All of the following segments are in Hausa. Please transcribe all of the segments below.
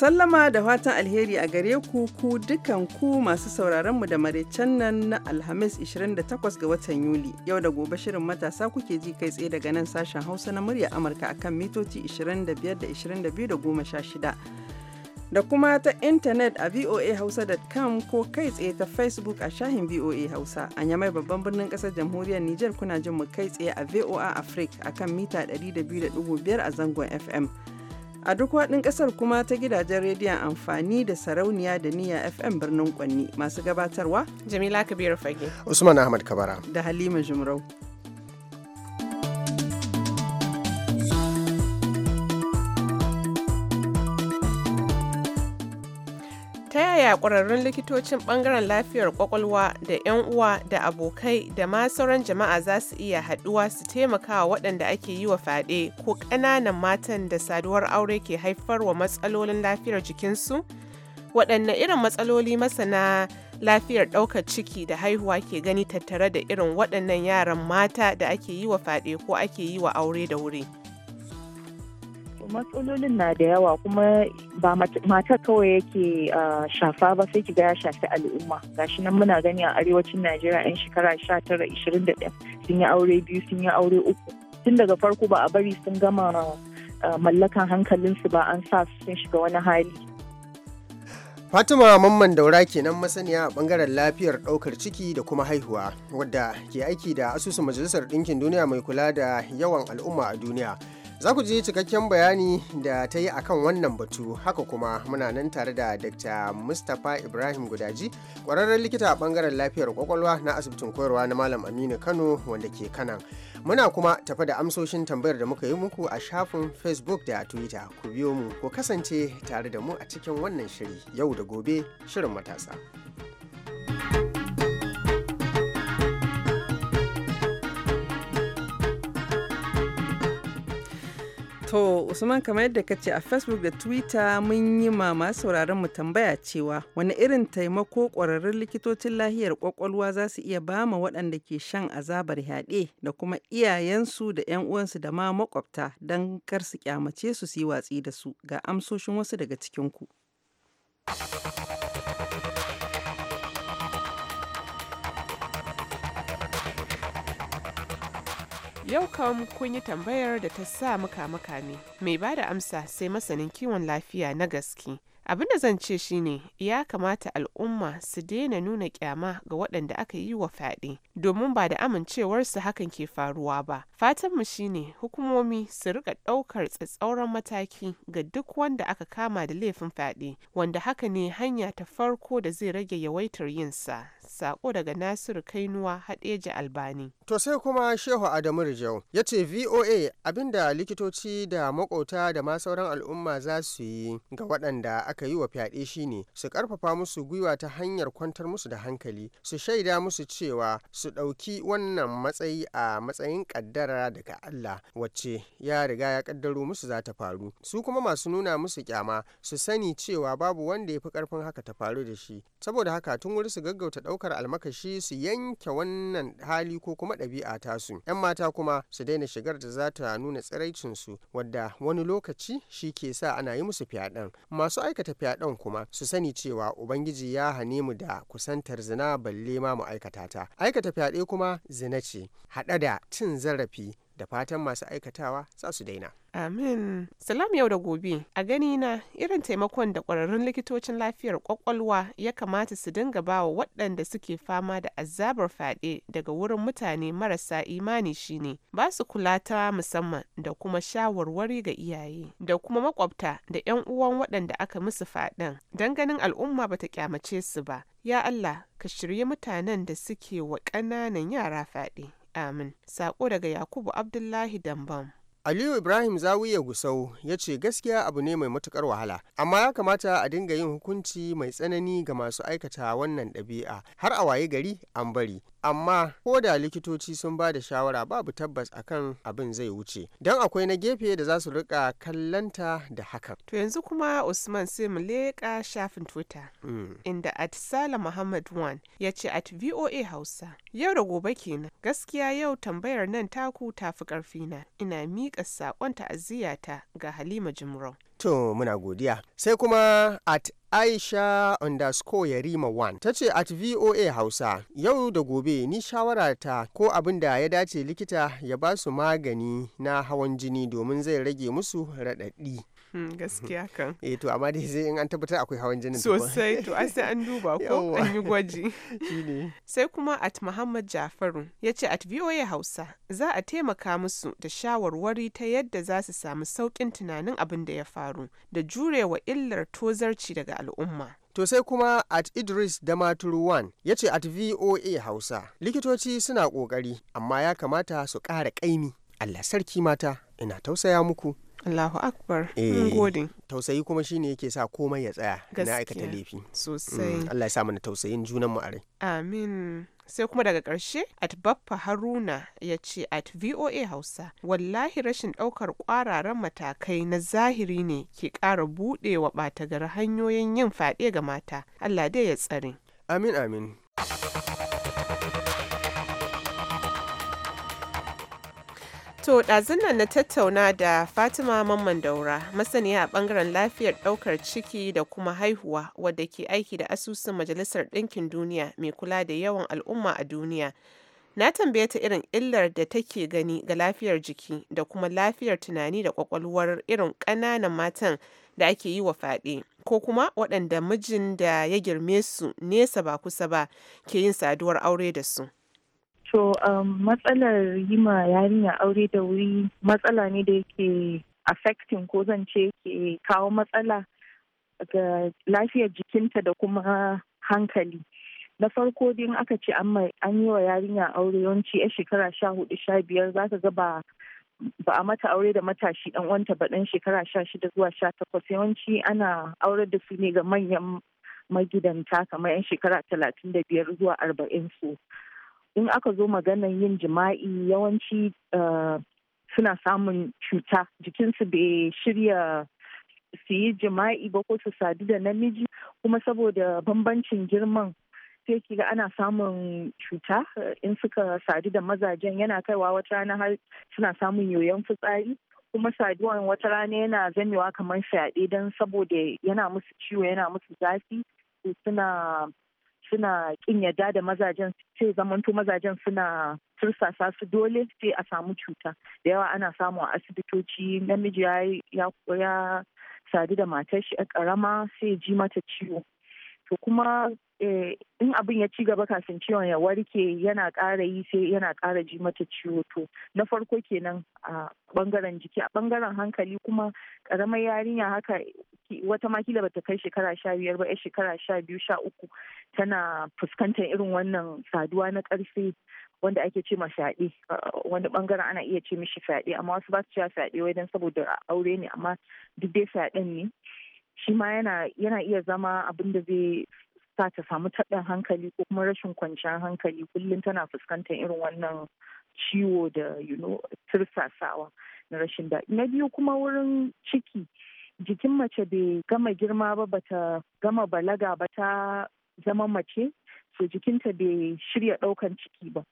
Sallama da fatan alheri a gare ku ku dukan ku masu sauraron mu da maraicen nan na Alhamis 28 ga watan Yuli. Yau da gobe shirin matasa kuke ji kai tsaye daga nan sashen Hausa na murya Amurka akan mitoci 25 da 22 da 16. Da kuma ta intanet a voahausa.com ko kai tsaye ta Facebook a shahin VOA Hausa. A yamai babban birnin kasar jamhuriyar Nijar kuna jin mu kai tsaye a VOA Africa akan mita 102.5 a zangon FM. a duk waɗin ƙasar kuma ta gidajen rediyon amfani da sarauniya da niyya fm birnin kwanni masu gabatarwa jamila kabiru fage usman ahmad kabara da halima jumrau A ƙwararrun likitocin bangaren lafiyar kwakwalwa da 'yan uwa da abokai da ma sauran jama'a za su iya haɗuwa su taimaka wa waɗanda ake yi wa fyaɗe ko ƙananan matan da saduwar aure ke haifar wa matsalolin lafiyar jikinsu? Waɗanne irin matsaloli masana lafiyar ɗaukar ciki da haihuwa ke gani tattare da irin waɗannan yaran mata da ake yi wa fyaɗe ko ake yi wa aure da wuri? matsalolin na da yawa kuma ba mata kawai yake ah, shafa ba sai kiga ya shafi al'umma gashi nan muna gani a arewacin najeriya 'yan shekara 19-21 sun yi aure biyu sun yi aure uku tun daga farko ba a bari sun gama ah, mallakan hankalinsu ba an sa sun shiga wani hali Fatima Mamman Daura kenan masaniya a bangaren lafiyar ɗaukar ciki da kuma haihuwa wadda ke aiki da asusun Majalisar Ɗinkin Duniya mai kula da yawan al'umma a duniya. Za ku ji cikakken bayani da ta yi akan wannan batu haka kuma muna nan tare da Dr. Mustapha Ibrahim Gudaji, ƙwararren likita a ɓangaren lafiyar kwakwalwa na asibitin koyarwa na Malam Aminu Kano wanda ke Kanan. Muna kuma tafa da amsoshin tambayar da muka yi muku a shafin Facebook da Twitter. Ku biyo mu, ku kasance tare da mu a cikin wannan shiri yau da gobe shirin matasa. To Usman kamar yadda ka ce a Facebook da Twitter mun yi ma masu sauraron mu tambaya cewa wani irin taimako ƙwararrun likitocin lahiyar kwakwalwa za su iya bama waɗanda ke shan azabar yaɗe da kuma iyayensu da 'yan uwansu da ma makwabta don kar su kyamace su su yi watsi da su ga amsoshin wasu daga cikin ku. Yau kam kun yi tambayar da ta sa muka makami. Mai ba da amsa sai masanin kiwon lafiya na gaske. Abin da zan ce shine ya kamata al'umma su daina nuna kyama ga waɗanda aka yi wa fyaɗe domin ba da amincewarsu hakan ke faruwa ba. Fatanmu shine hukumomi su rika ɗaukar tsatsauran mataki ga duk wanda aka kama da laifin fyaɗe wanda haka ne hanya ta farko da zai rage yawaitar yinsa. Sako daga Nasiru Kainuwa Hadeja Albani. To sai kuma Shehu Adamu Rijau ya ce VOA abinda likitoci da makota da ma sauran al'umma za su yi ga waɗanda aka yi wa fyaɗe shine su ƙarfafa musu gwiwa ta hanyar kwantar musu da hankali su shaida musu cewa su ɗauki wannan matsayi a matsayin ƙaddara daga Allah wacce ya riga ya ƙaddaro musu za ta faru su kuma masu nuna musu kyama su sani cewa babu wanda ya fi ƙarfin haka ta faru da shi saboda haka tun wuri su gaggauta ɗaukar ɗaukar almakashi su yanke wannan hali ko kuma ɗabi'a tasu 'yan mata kuma su daina shigar da za ta nuna tsiraicinsu wadda wani lokaci shi ke sa ana yi musu fyaɗen masu aikata fyaɗen kuma su sani cewa ubangiji ya hane mu da kusantar zina balle ma mu aikata ta aikata fyaɗe kuma zina ce haɗa da cin zarafi da fatan masu aikatawa za su daina. Amin. Salam yau da gobe. A gani na irin taimakon da ƙwararrun likitocin lafiyar ƙwaƙwalwa ya kamata su dinga ba wa waɗanda suke fama da azabar fyaɗe daga wurin mutane marasa imani shine ba su kula ta musamman da kuma shawarwari ga iyaye da kuma maƙwabta da 'yan uwan waɗanda aka musu faɗin don ganin al'umma bata kyamace su ba. Ya Allah, ka shirye mutanen da suke wa ƙananan yara fyaɗe. Amin. Sako daga Yakubu Abdullahi Dambam. Aliyu Ibrahim Zawiya Gusau ya ce gaskiya abu ne mai matukar wahala, amma ya kamata a dinga yin hukunci mai tsanani ga masu aikata wannan ɗabi'a har a waye gari an bari. amma ko da likitoci sun ba da shawara babu tabbas akan abin zai wuce don akwai na gefe da za su rika kallanta da hakan to yanzu kuma usman sai mu leƙa shafin twitter hmm. inda at sala muhammad wan ya ce at voa hausa yau da gobe kenan gaskiya yau tambayar nan taku ta tafi ƙarfina ina miƙa saƙon ta'aziyyata ga halima jimrau To muna godiya. Sai kuma at Aisha underscore Yarima 1 ta ce at VOA Hausa yau da gobe ni shawara ta ko abin da ya dace likita ya ba su magani na hawan jini domin zai rage musu raɗaɗi. Hmm, gaskiya kan eh to amma dai sai in an tabbatar akwai hawan jinin sosai to ai sai an duba ko an yi gwaji sai kuma at muhammad jafaru ya ce at voa hausa za a taimaka musu da shawarwari ta yadda za su samu sauƙin tunanin abin da ya faru da jurewa illar tozarci daga al'umma To sai kuma at Idris Damaturu ya ce at VOA Hausa, likitoci suna ƙoƙari amma ya kamata su ƙara ƙaimi. Allah sarki mata, ina tausaya muku. Allahu Akbar. Mun eh, gode. Tausayi kuma shine yake sa komai ya tsaya na aikata laifi. Sosai. Mm, allah ya sa mana tausayin junan mu a rai. Amin. sai kuma daga ƙarshe at baffa haruna ya ce at voa hausa wallahi rashin ɗaukar ƙwararan matakai na zahiri ne ke ƙara buɗe wa ɓata hanyoyin yin fyaɗe ga mata allah dai ya tsare amin amin To ɗazun nan na tattauna da Fatima Mamman Daura, masaniya a ɓangaren lafiyar ɗaukar ciki da kuma haihuwa wadda ke aiki da asusun Majalisar Ɗinkin Duniya mai kula da yawan al'umma a duniya. Na tambaye ta irin illar da take gani ga lafiyar jiki da kuma lafiyar tunani da kwakwalwar irin ƙananan matan da ake yi wa fyaɗe ko kuma waɗanda mijin da ya girme su nesa ba kusa ba ke yin saduwar aure da su. To um, matsalar yi ma yarinya aure da wuri matsala ne da yake affecting ko zan ce ke kawo matsala ga lafiyar jikinta da kuma hankali. Na farko din aka ce an yi wa yarinya aure yawanci 'yan shekara sha hudu sha biyar za ka ga ba ba a mata aure da matashi dan wanta ba dan shekara sha shida zuwa sha takwas yawanci ana aure da su ne ga manyan magidanta kamar yan shekara talatin da biyar zuwa arba'in su in aka zo maganan yin jima'i yawanci eh, suna samun cuta jikinsu bai shirya su yi jima'i ba ko su sadu da namiji kuma saboda bambancin girman sai kiga ana samun cuta in suka sadu da mazajen yana kaiwa wata rana har suna samun yoyon fitsari kuma saduwan wata rana yana zamewa kamar fyaɗe don saboda yana musu ciwo yana musu zafi suna suna kin yadda da mazajen sai zamanto mazajen suna tursasa su dole sai a samu cuta da yawa ana samu a asibitoci namiji ya sadu da matar shi karama sai ji mata ciwo to kuma eh, in abin ya ci gaba kafin ciwon ya warke yana ƙara yi sai yana ƙara ji mata ciwo to na farko kenan a bangaren jiki a bangaren hankali kuma ƙaramar yarinya haka wata makila bata kai shekara sha biyar ba shekara sha biyu sha uku tana fuskantar irin wannan saduwa na ƙarfi wanda ake ce ma fyaɗe wani bangaren ana iya ce mishi fyaɗe amma wasu ba su cewa fyaɗe wai don saboda aure ne amma duk dai fyaɗen ne shi ma yana iya zama abin da zai sa ta samu taɓin hankali ko kuma rashin kwanciyar hankali kullum tana fuskantar irin wannan ciwo da you know tirsasawa na rashin daɗi na biyu kuma wurin ciki jikin mace bai gama girma ba bata gama balaga ba ta zama mace so jikinta bai shirya ɗaukan ciki ba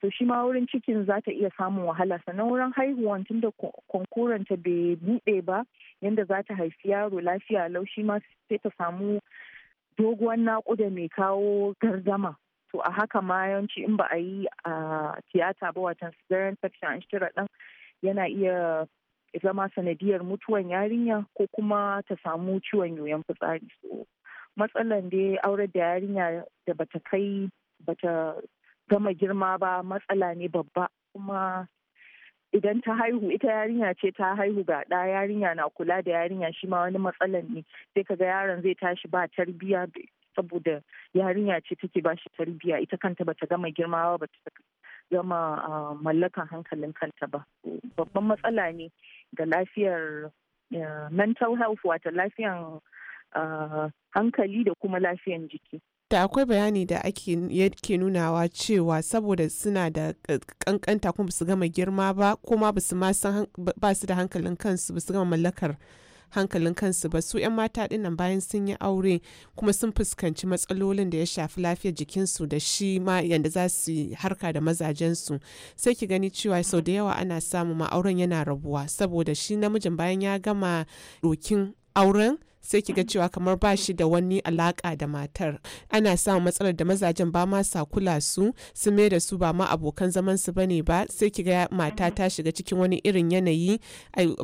to shi ma wurin cikin za ta iya samun wahala sannan wurin haihuwan tunda da konkuranta bai buɗe ba yadda za ta haifi yaro lafiya lau shi ma sai ta samu doguwan naƙuda mai kawo gardama to a haka ma yawanci in ba a yi a tiyata ba watan cesarean section an shirya ɗan yana iya zama sanadiyar mutuwan yarinya ko kuma ta samu ciwon yoyon fitsari so matsalan dai aurar da yarinya da bata kai bata gama girma ba matsala ne babba kuma idan ta haihu ita yarinya ce ta haihu ga ɗa yarinya na kula da yarinya shi ma wani matsalan ne sai kaga yaron zai tashi ba tarbiya saboda yarinya ce take ba shi tarbiya ita kanta bata gama girma ba bata gama ah, mallakan hankalin kanta ba babban matsala ne ga lafiyar mental health wata lafiyan ah, hankali da kuma lafiyan jiki da akwai bayani da ake yake nunawa cewa saboda suna da kankanta kuma su gama girma ba kuma ba su da hankalin kansu ba su gama mallakar hankalin kansu ba su 'yan mata dinnan bayan sun yi aure kuma sun fuskanci matsalolin da ya shafi lafiyar jikinsu da shi ma yadda za su harka da mazajensu sai ki gani cewa sau da yawa ana samu ma'auren yana rabuwa saboda shi namijin bayan ya gama dokin auren sai ki ga cewa kamar ba shi da wani alaka da matar ana samun matsalar da mazajen ba ma sa kula su su mai da su ba ma abokan zaman su bane ba sai kiga mata ta shiga cikin wani irin yanayi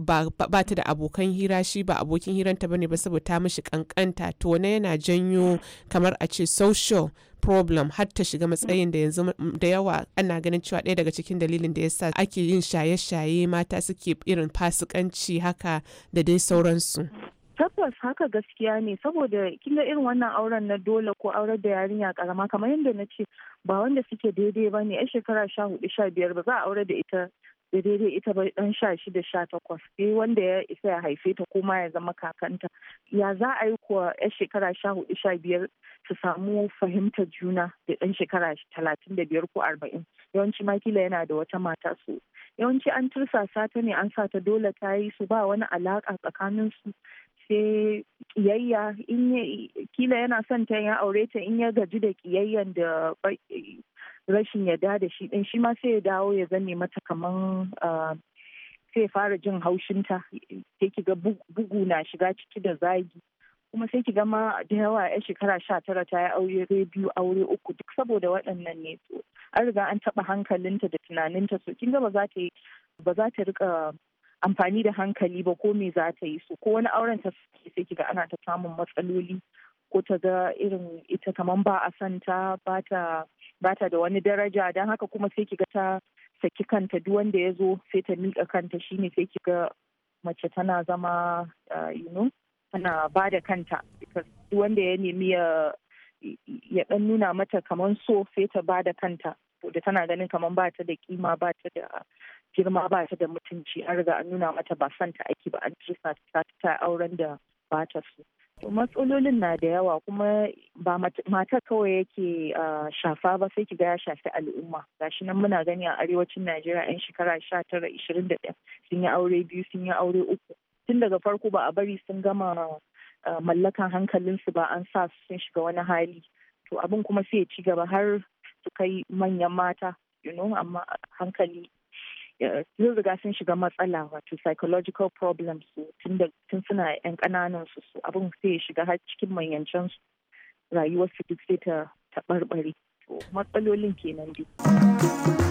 ba ta da abokan hira shi ba abokin hiranta bane ba saboda ta mishi kankanta to wani yana janyo kamar a ce social problem har ta shiga matsayin da yanzu da yawa ana ganin cewa ɗaya daga cikin dalilin da sa ake yin shaye-shaye mata suke irin fasikanci haka da dai sauransu. tabbas haka gaskiya ne saboda kinga irin wannan auren na dole ko auren da yarinya karama kamar yadda na ce ba wanda suke daidai ba ne a shekara sha hudu sha biyar ba za a aure da ita da daidai ita ba dan sha shida sha takwas wanda ya isa ya haife ta ko ma ya zama kakanta ya za a yi kuwa a shekara sha hudu sha biyar su samu fahimtar juna da dan shekara talatin da biyar ko arba'in yawanci ma kila yana da wata mata su yawanci an tursasa ta ne an sa ta dole ta yi su ba wani alaka tsakanin su sai kiyayya in kila yana son ta ya aure ta in ya gaji da kiyayyan da rashin yarda da shi din shi ma sai ya dawo ya zame mata kaman sai fara jin haushinta sai kiga bugu na shiga ciki da zagi kuma sai kiga ma da yawa ya shekara sha tara ta yi aure biyu aure uku duk saboda waɗannan ne an riga an taɓa hankalinta da tunaninta so kin ga ba za ta ba za ta rika amfani da hankali ba ko me za ta yi su ko wani auren ta sai kiga ana ta samun matsaloli ko ta ga irin ita kaman ba a santa ba ta da wani daraja don haka kuma sai kiga ta saki kanta duk wanda ya zo sai ta miƙa kanta shine sai kiga mace tana zama ah, you tana ba da kanta duk wanda ya nemi ya ɗan nuna mata kamar so sai ta ba da kanta da tana ganin kamar ba ta da kima ba ta da girma ba ta da mutunci an riga an nuna mata ba santa aiki ba an cisa ta ta auren da ba ta to matsalolin na da yawa kuma ba mata kawai yake shafa ba sai ki ga ya shafi al'umma gashi nan muna gani a arewacin najeriya yan shekara sha tara ishirin da sun yi aure biyu sun yi aure uku tun daga farko ba a bari sun gama mallakan hankalinsu ba an sa sun shiga wani hali to abin kuma sai ya ci gaba har su kai manyan mata you know amma hankali sun riga sun shiga matsala wato psychological problems tun suna yan kananan su su abin sai ya shiga har cikin manyancan su rayuwar su duk sai ta to matsalolin kenan dai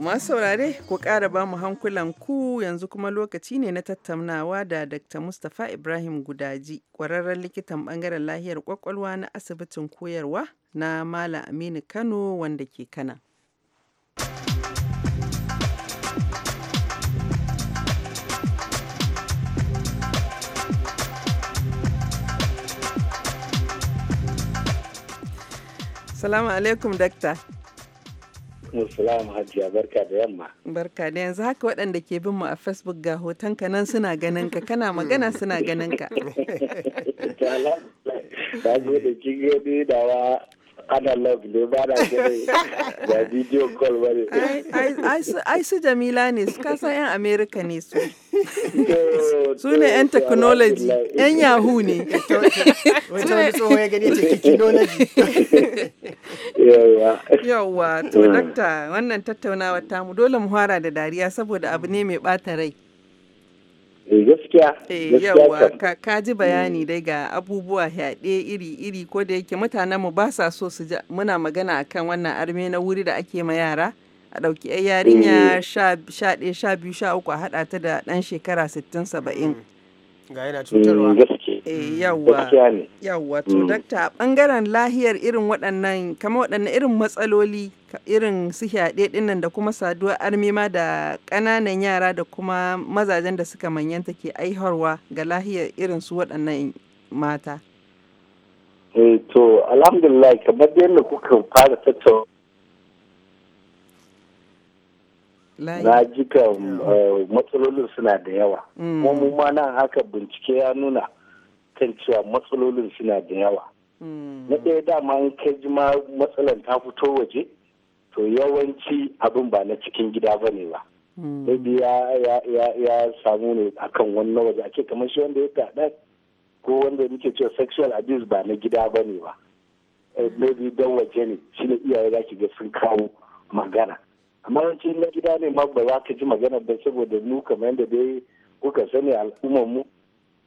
masu saurare ku kara ba mu hankulan ku yanzu kuma lokaci ne na tattaunawa da Dr. Mustapha Ibrahim Gudaji, kwararren likitan bangaren lahiyar kwakwalwa na asibitin koyarwa na Malam Aminu Kano wanda ke Kana. Salamu alaikum, Dakta. Musulam Hajiya barka da yamma. Barka da yanzu haka waɗanda ke bin mu a Facebook ga hoton ka nan suna ganin ka kana magana suna ganin ka. Ta zo da kin dawa analog ne ba na da video call ba ne. Ai su Jamila ne su kasa 'yan Amerika ne su. Su ne 'yan technology, 'yan Yahoo ne. Wata wani tsohon ya gani ce technology. Yawwa, to dakta wannan tattaunawar tamu dole mu fara da dariya saboda abu ne mai bata rai. Eh, eh, gaskiya yawwa ka ji bayani mm. dai ga abubuwa yaɗe iri-iri ko da yake mutanen ba sa so su ji muna magana akan wannan arme na wuri da ake ma yara a ɗauki ya yarinya mm. sha ɗaya sha biyu sha uku a haɗa ta da ɗan shekara sittin saba'in. Mm. ga yana cutarwa Eh, mm. yawwa yawwa to mm. dakta bangaren lahiyar irin waɗannan kama waɗannan irin matsaloli irin su hyaɗe dinnan da kuma saduwar armima da ƙananan yara da kuma mazajen da suka manyanta ke aiharwa ga lahiyar irin su waɗannan mata eh, to alhamdulillah kamar yadda kuka fara tattauna na ji eh, matsalolin suna da yawa mm. kuma mu ma nan haka bincike ya nuna kan cewa matsalolin suna da yawa hmm. na ɗaya dama in ka ji ma matsalan ta fito waje to yawanci abin ba na cikin gida ba ne ba maybe hmm. ya samu ne akan wannan waje ake kamar shi wanda ya taɗa ko wanda muke cewa sexual abuse ba na gida ba ne ba eh, maybe don waje ne shi ne iyaye za ki ga sun kawo magana amma yawanci na gida ne ma ba za ka ji magana ba saboda mu kamar yadda dai kuka sani al'ummar mu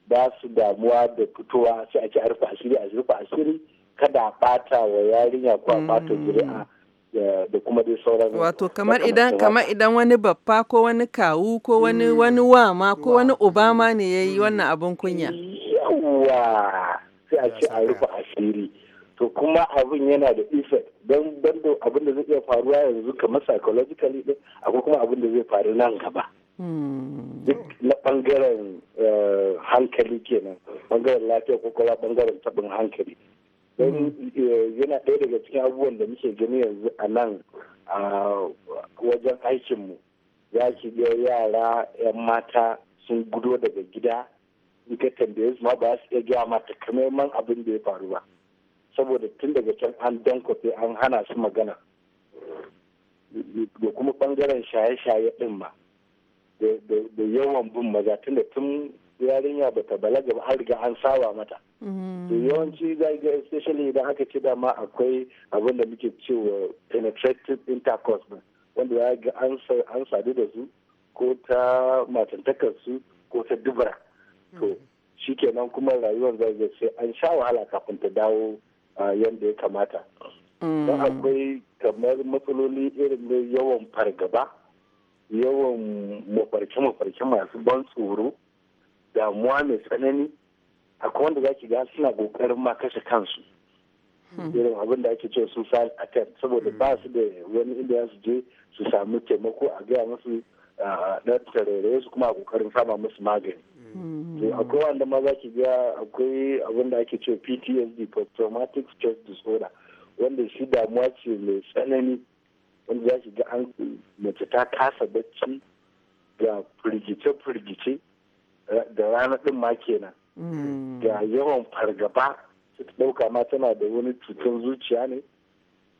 ba su damuwa da fitowa sai a ci a rufe asiri a rufe asiri kada a bata wa yarinya ko a bata mm. zuri'a da kuma dai sauran wato kamar idan kamar idan wani babba ko wani kawu ko wani mm. wani wama ko wani obama ne ya yi mm. wannan abin kunya yawa sai a ce a rufe asiri to kuma abin yana da effect don bando abin da zai iya faruwa yanzu kamar psychologically din akwai kuma abin da zai faru nan gaba duk na bangaren eh, hankali kenan bangaren lafiya ko kuma bangaren tabin hankali don mm-hmm. eh, yana ɗaya daga cikin abubuwan da muke gani yanzu a nan a wajen aikinmu ya shiga yara 'yan mata sun gudo daga gida ka tambaye su ma ba su iya gaya ma man abin da ya faru ba saboda tun daga can an dankwafe an hana su magana da kuma bangaren shaye-shaye ɗin ma da yawan bin maza tun da tun yarinya ba ta balaga ba an riga an saba mata mm-hmm. to yawanci za ga especially idan aka ce dama akwai abin da muke cewa penetrative intercourse ba wanda ya ga an sadu da su ko ta matantakar su ko ta dubara to mm-hmm. shikenan kuma rayuwar za ga sai an sha wahala kafin ta dawo yadda ya kamata mm-hmm. don akwai kamar matsaloli irin yawan fargaba yawan mafarke-mafarke masu ban tsoro damuwa mai tsanani akwai wanda za ki ga suna kokarin ma kashe kansu hmm. irin abin da ake cewa suicide attempt saboda hmm. ba su da wani inda ya su je su samu taimako a gaya musu na tarere su kuma a kokarin sama musu magani hmm. to akwai wanda ma za ki ga akwai abin da ake cewa ptsd post traumatic stress disorder wanda shi damuwa ce mai tsanani wanda za ki ga an mace ta kasa bacci ga firgice-firgice eh, da rana ɗin ma kenan mm. ga yawan fargaba ta ɗauka ma tana da wani cutar zuciya ne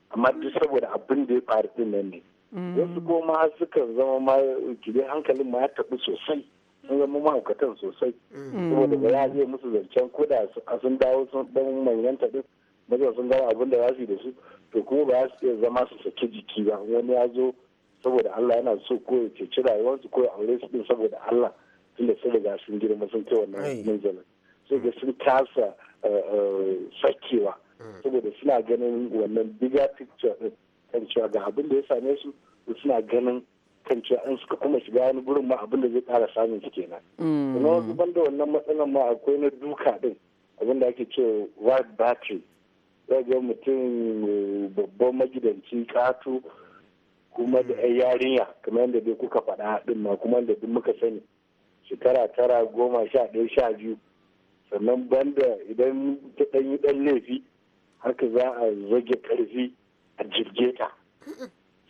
amma duk saboda abin da ya faru din nan ne mm. wasu ko ma sukan zama ma gide hankalin ma ya taɓu sosai sun zama mahaukatan sosai mm. saboda ba ya zai musu zancen koda sun dawo sun ɗan manyanta duk maza sun gane abin da za su yi da su to kuma ba su iya zama su sake jiki ba wani ya zo saboda Allah yana so ko ya ceci rayuwarsu ko ya aure su din saboda Allah da sun riga sun girma sun kai wannan manzalin sai ga sun kasa eh, eh, sakewa hmm. saboda suna ganin wannan bigger picture kan cewa ga abin da ya same su suna ganin kan cewa an suka kuma shiga wani gurin ma abin da zai kara samun su kenan. Hmm. Kuma wasu banda wannan matsalan ma akwai na duka din abin da ake cewa white battery ga mutum babban magidanci katu kuma da yan yarinya kamar yadda dai kuka faɗa ɗin ma kuma da duk muka sani shekara tara goma sha ɗaya sha biyu sannan banda idan ta ɗan yi ɗan laifi haka za a rage ƙarfi a jirge ta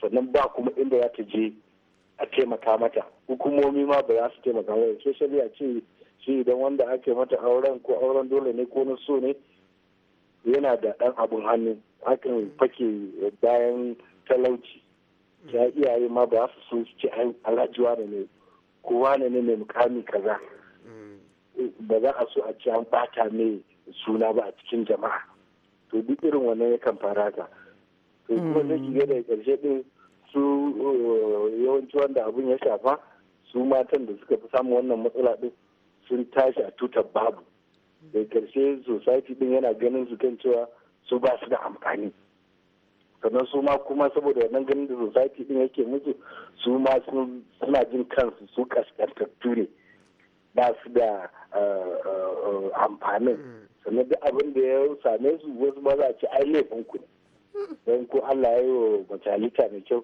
sannan ba kuma inda za ta je a taimaka mata hukumomi ma ba za su taimaka mata sosai a ce shi idan wanda ake mata auren ko auren dole ne ko na so ne yana da ɗan abun hannu hakan fake bayan talauci ya iyaye ma ba su so su ce alhaji da ne kowa ne ne mai mukami kaza mm. ba za a so a ci an bata ne suna ba a cikin jama'a to duk irin wannan yakan fara ka to kuma mm. na shiga daga karshe ɗin su yawanci wanda abun ya shafa su matan da suka fi samun wannan matsala ɗin sun tashi a tutar babu da karshe society din yana ganin su kan cewa su ba su da amfani sannan su ma kuma saboda wannan ganin da society din yake musu su ma suna jin kansu su kaskantattu ne ba su da eh, eh, amfanin sannan duk abin da ya same su wasu ba za a ci ai laifin ku ne don ko Allah ya yi wa mace halitta mai kyau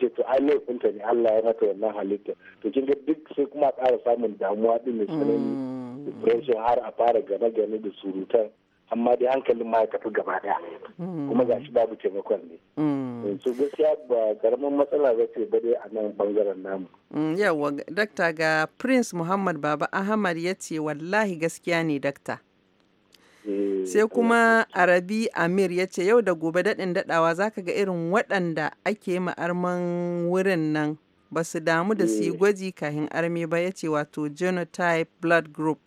ce to ai laifinta ne Allah ya mata wannan halitta to kin ga duk sai kuma ƙara samun damuwa din mai tsanani mm. rashin har a fara gane-gane da surutan amma dai hankalin ma ya tafi gaba daya hmm. kuma ga shi babu taimakon ne su hmm. gaskiya ba karamin matsala ba ce dai a nan bangaren namu hmm, yawa dakta ga prince muhammad baba ahmad ya ce wallahi gaskiya ne dakta eh, sai kuma eh, eh. arabi amir ya ce yau da gobe daɗin daɗawa zaka ga irin waɗanda ake ma'arman wurin nan ba su damu da su yi gwaji kahin armi ba ya ce wato genotype blood group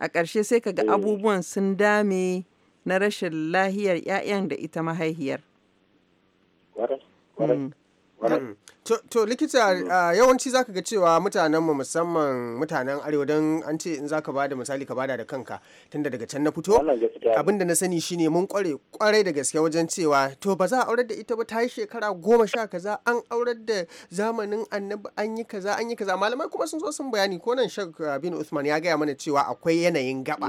a ƙarshe sai ka ga eh. abubuwan sun dame na rashin lahiyar 'ya'yan da ita mahaihiyar. Mm. Mm. To likita mm. ah, yawanci zaka ga cewa mutanen mu musamman mutanen arewa don an ce in zaka bada misali ka bada da kanka tunda daga can na fito abinda na sani shine mun kware kwarai da gaske wajen cewa to ba za a aurar da ita ba ta yi shekara goma sha kaza an aurar da zamanin annabi an yi kaza an yi kaza malamai kuma sun zo sun bayani ko nan shak ah, bin Usman ya gaya mana cewa akwai yanayin gaba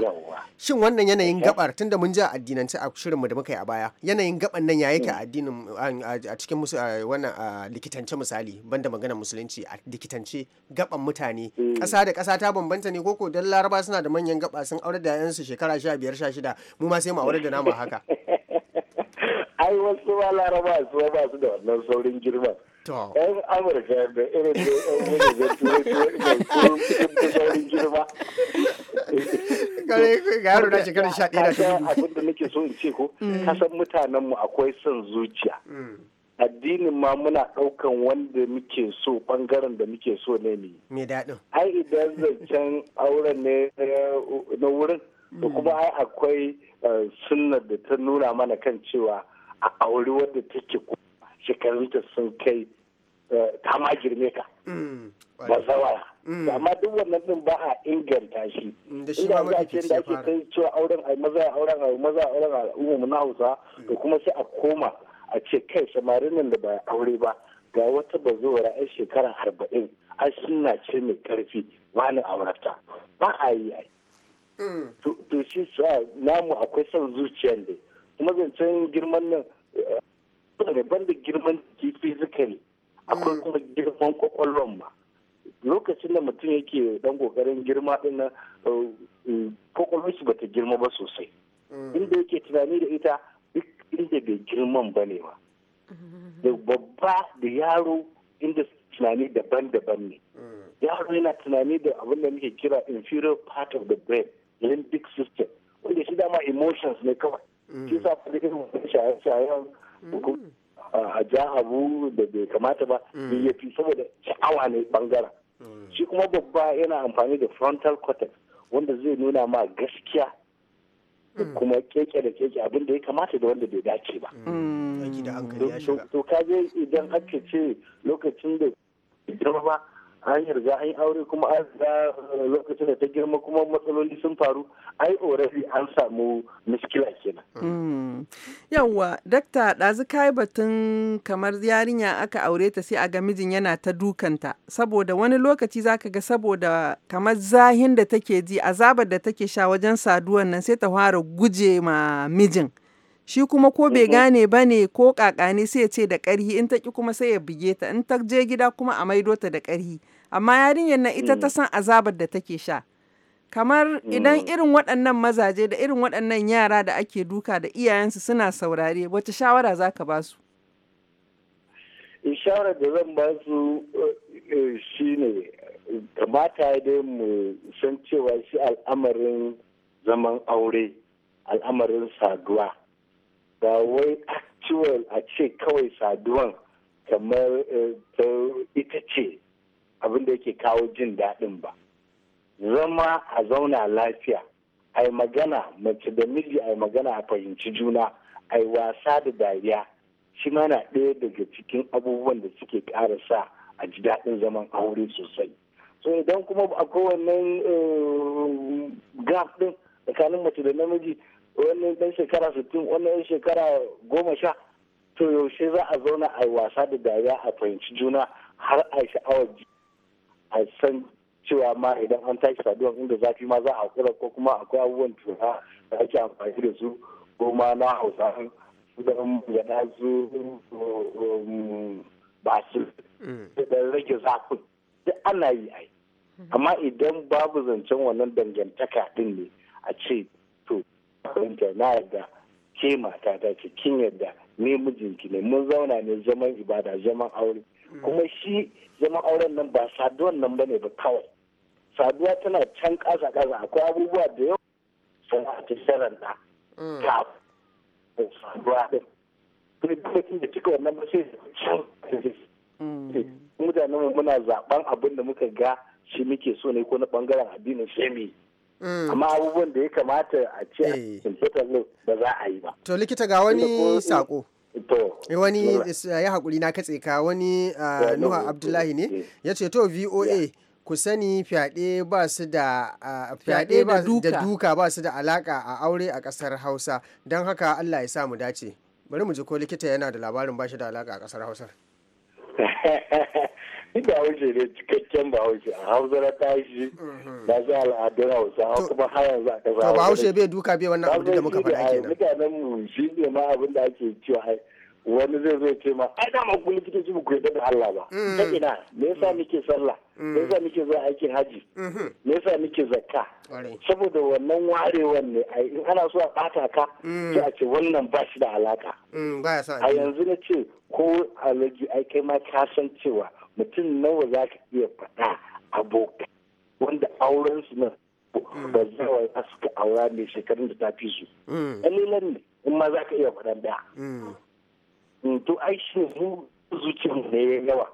shin wannan yanayin eh. gabar tunda mun ji addinance a shirinmu da muka yi a baya yanayin gaban nan ya yake a mm. addinin a cikin musu wannan likitancin misali banda magana musulunci a likitance gaban mutane ƙasa da ƙasa ta bambanta ne koko don laraba suna da manyan gaba sun aure da yansu shekara sha biyar sha shida mu ma sai mu aure da nama haka ai wasu ba laraba su ba su da wannan saurin girma yan amurka da irin da yan da turai da saurin girma kare ga yaro na shekarar sha ɗaya da abin da nake so in ce ko kasan mutanenmu akwai son zuciya addinin ma muna ɗaukan wanda muke so ɓangaren da muke so ne ne. Me daɗin. Ai idan zancen auren ne eh, na wurin, da mm. kuma ai akwai eh, sunnar da ta nuna mana kan cewa a auri wadda take shekarunta sun kai eh, ta ma girme ka. Mm, ba zawa. Mm. Amma duk wannan din ba a inganta shi. Inda shi ba mafi da ake kai cewa auren ai maza auren ai maza auren al'umma na Hausa da kuma sai a koma a ce kai samarin nan da ba aure ba ga wata bazuwar a shekara arba'in an suna ce mai karfi malin aurata ba a yi a mm. to shi namu akwai son zuciya ne kuma zancen girman nan eh, eh, ne da girman kifi fizikali akwai mm. kuma girman kwakwalwan ba lokacin da mutum yake dan kokarin girma din nan kwakwalwar eh, shi bata girma ba sosai mm. inda yake tunani da ita inda bai girman ba ne ba da babba da yaro inda tunani daban-daban ne mm. yaro yana tunani da abin da muke kira inferior part of the brain limbic system wanda shi dama emotions ne kawai mm. shi sa kuma irin shaye-shayen mm. a ja abu da bai kamata ba ya fi saboda sha'awa ne bangaren shi kuma babba yana amfani da frontal cortex wanda zai nuna ma gaskiya Mm. kuma keke da keke abin da ya kamata da wanda bai dace ba. Mm. To ka je idan aka ce lokacin da girma ba an riga an yi aure kuma an riga eh, lokacin da ta girma kuma matsaloli sun faru ai already an samu miskila kenan. Hmm. yawwa dakta ɗazu kai batun kamar yarinya aka aure ta sai a ga mijin yana ta dukanta saboda wani lokaci zaka ga saboda kamar zahin da take ji azabar da take sha wajen saduwan nan sai ta fara guje ma mijin shi kuma ko bai mm-hmm. gane ba ne ko kakani sai ya ce da ƙarhi in ta ki kuma sai ya buge ta in ta je gida kuma a maido ta da ƙarhi amma yarinyar nan ita ta mm. san azabar da take sha kamar idan mm. irin waɗannan mazaje da irin waɗannan yara da ake duka da iyayensu suna saurare wace shawara za ka ba su eh, shawarar da zan ba su eh, eh, ne kamata dai mu san cewa shi al'amarin zaman aure al'amarin saduwa ba wai actual a ce kawai saduwan kamar eh, ta ita ce abin da yake kawo jin daɗin ba zama a zauna lafiya ai magana mace da miji ai magana a fahimci juna ai wasa da dariya shi ma na ɗaya daga cikin abubuwan da suke ƙara sa a ji daɗin zaman aure sosai so idan kuma a kowannen eh, gaf ɗin tsakanin mace da namiji wani dan shekara sittin wani dan shekara goma sha to yaushe za a zauna a wasa da dariya a fahimci juna har a sha'awar a san cewa ma idan an tashi saduwa. inda zafi ma za a hakura ko kuma akwai abubuwan tura da ake amfani da su ko na hausa su um, mm. da gada su ba su da rage zafin duk ana yi ai mm-hmm. amma idan babu zancen wannan dangantaka din ne a ce fahimta na yadda ke mata ta ce kin yarda ne mijinki ne mun zauna ne zaman ibada zaman aure kuma shi zaman auren nan ba saduwan nan bane ba kawai saduwa tana can kasa kasa akwai abubuwa da yau sun ta sharan mm. da ta saduwa ne kuma lokacin da cika wannan ba sai can mm. eh, mutanen muna zaben abin da muka ga shi muke so ne ko na bangaren addinin shemi Mm. amma abubuwan da ya kamata a ce a kimfitar eh. ba za a yi ba to likita ga wani sako eh, wani ya haƙuri na katse ka wani ah, eh, nuha abdullahi ne ya ce to voa ku sani fyaɗe ba su da ah, fyaɗe da duka ba su da alaƙa a aure a ƙasar hausa don haka allah ya sa mu dace bari mu ji ko likita yana da labarin ba shi da alaƙa a ƙasar hausa Ni bahaushe ne cikakken bahaushe a hausa na tashi mhm. na ji al'adun hausa kuma har yanzu a ƙasa hausa. bahaushe bai duka bai wannan abin da muka faɗa kenan. Mutanen mu shi ne ma abin da ake cewa wani zai zo ce ma ai dama ku likitoci ba ku yarda da Allah ba mhm. ta ina me yasa mhm. muke sallah me yasa muke zuwa aikin haji me yasa muke zakka saboda wannan warewan ne ai in ana so a bata ka sai a ce wannan ba shi da alaka a yanzu na ce ko alaji ai kai ma ka san cewa mutum nawa za ka iya faɗa abokai wanda auren hmm. su na ba zawa za suka aura mai shekarun da ta fi su hmm. ne in ma za ka iya faɗa da hmm. to ai shi mu zuciyar ne yawa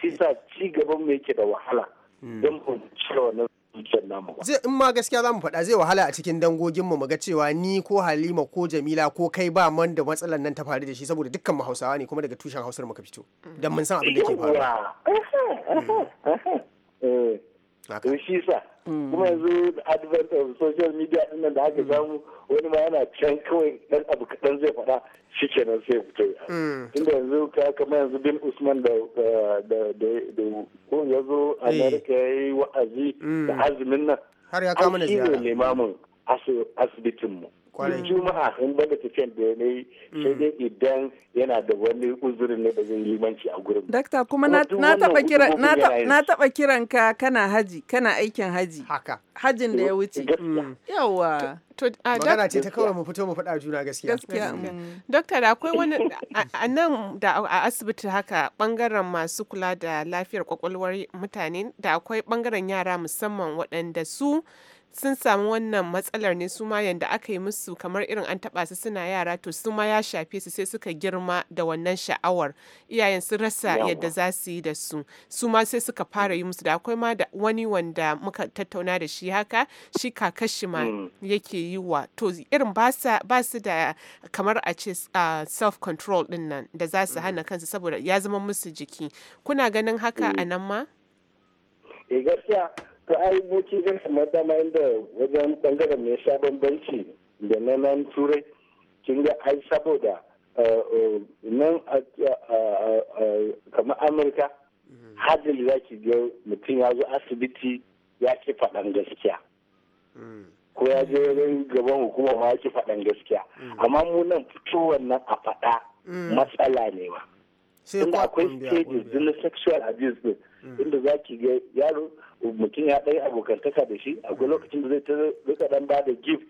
shi sa ci gaban mu yake da wahala don mu cewa na Zai in ma gaskiya za mu faɗa zai wahala a cikin dangogin mu ga cewa ni ko Halima ko Jamila ko kai ba man da matsalar nan ta faru da shi saboda dukkan mu Hausawa ne kuma daga tushen Hausar muka fito. Dan mun san abin da ke faruwa. Mm. Eh. shi sa kuma mm. yanzu advent of social media din da aka mm. samu wani ma yana can kawai dan abu kaɗan zai faɗa shi kenan sai fito mm. tunda yanzu ka kama yanzu bin usman da ko ya zo eh. america ya wa'azi da azumin nan har ya kama da ziyara asibitinmu juma'a in banda tafiyar da ne mm. sai dai idan yana da wani uzurin ne da zai limanci a gurin dakta kuma na taba kiran ka kana haji kana aikin haji haka hajin da ya wuce yawa mm. to magana ce ta kawai mu fito mu faɗa juna gaskiya gaskiya mm. dakta da akwai wani a nan da a asibiti haka bangaren masu kula da lafiyar kwakwalwar mutane da akwai bangaren yara musamman waɗanda su sun samu wannan matsalar ne su ma yanda aka yi musu kamar irin an taba su suna yara to su ma ya shafe su sai suka girma da wannan sha'awar iyayen sun rasa yadda za su yi da su su ma sai suka fara yi musu da akwai ma da wani wanda muka tattauna da shi haka shi kakashi ma mm. yake yi wa to irin ba su da kamar a ce self control din nan da za su hana mm. kansu saboda ya zama musu jiki kuna ganin haka mm. a nan ma? Eh, ra'ayoyi zan kamar dama inda wajen bangaren mai sha bambanci da na nan turai kin ga ai saboda eh, eh, nan kamar amurka mm-hmm. hadin za ki ga mutum ya zo asibiti ya ki faɗan gaskiya mm-hmm. ko ya je wurin gaban hukuma ma ya ki faɗan gaskiya mm-hmm. amma mu nan fitowar nan a faɗa matsala ne ba. Sai akwai stages na sexual abuse Mm. inda za ki ga yaro mutum ya ɗaya abokantaka da shi akwai mm. lokacin da zai ta rika dan ba da gift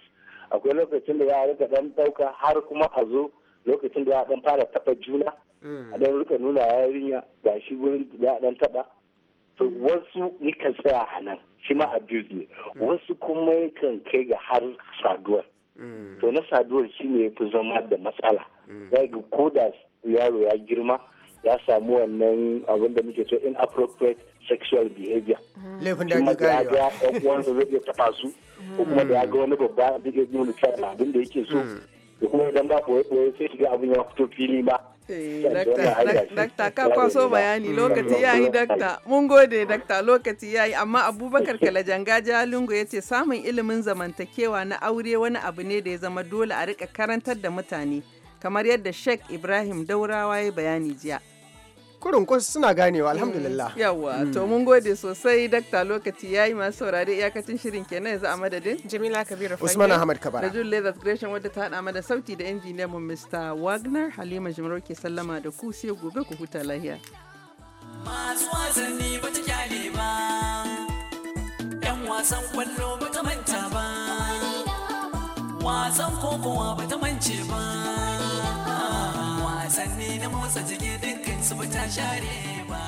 akwai lokacin da za a rika dan ɗauka har kuma a zo lokacin da za a dan fara taɓa juna mm. a dan rika nuna yarinya ga shi wurin za a dan taɓa to wasu kan tsaya a nan shi ma abuse ne wasu kuma kan kai ga har saduwar to na saduwar shi ne ya fi zama da matsala za ko da yaro ya girma ya samu wannan abin da muke so inappropriate sexual behavior ah. laifin da ya kare ba ya ga uwansa zai iya taba su ko kuma da ya ga wani babba zai iya nuna cewa abin da yake so hmm. da kuma idan ba boye boye sai shiga abin ya fito fili ba Dakta eh, ka kwaso hmm. bayani lokaci hmm. ya yi dakta mun gode dakta lokaci ya yi amma abubakar kalajanga jalingo ya ce samun ilimin zamantakewa na aure wani abu ne da ya zama dole a rika karantar da mutane. kamar yadda Sheikh Ibrahim Daurawa ya bayani jiya. kurin kwas suna ganewa alhamdulillah yawwa mm. to mun gode sosai dakta lokaci ya yi masu saurari iyakacin shirin kenan yanzu a madadin jamila kabiru fage usman ahmad kabara da julie that gresham wadda ta hada da sauti da injiniyan mu mr wagner halima jimaro ke sallama da ku sai gobe ku huta lahiya masu wasanni ba ta kyale ba yan wasan kwallo ba ta manta ba wasan kokowa ba ta mance ba wasanni na motsa jiki dukkan su ba ta share ba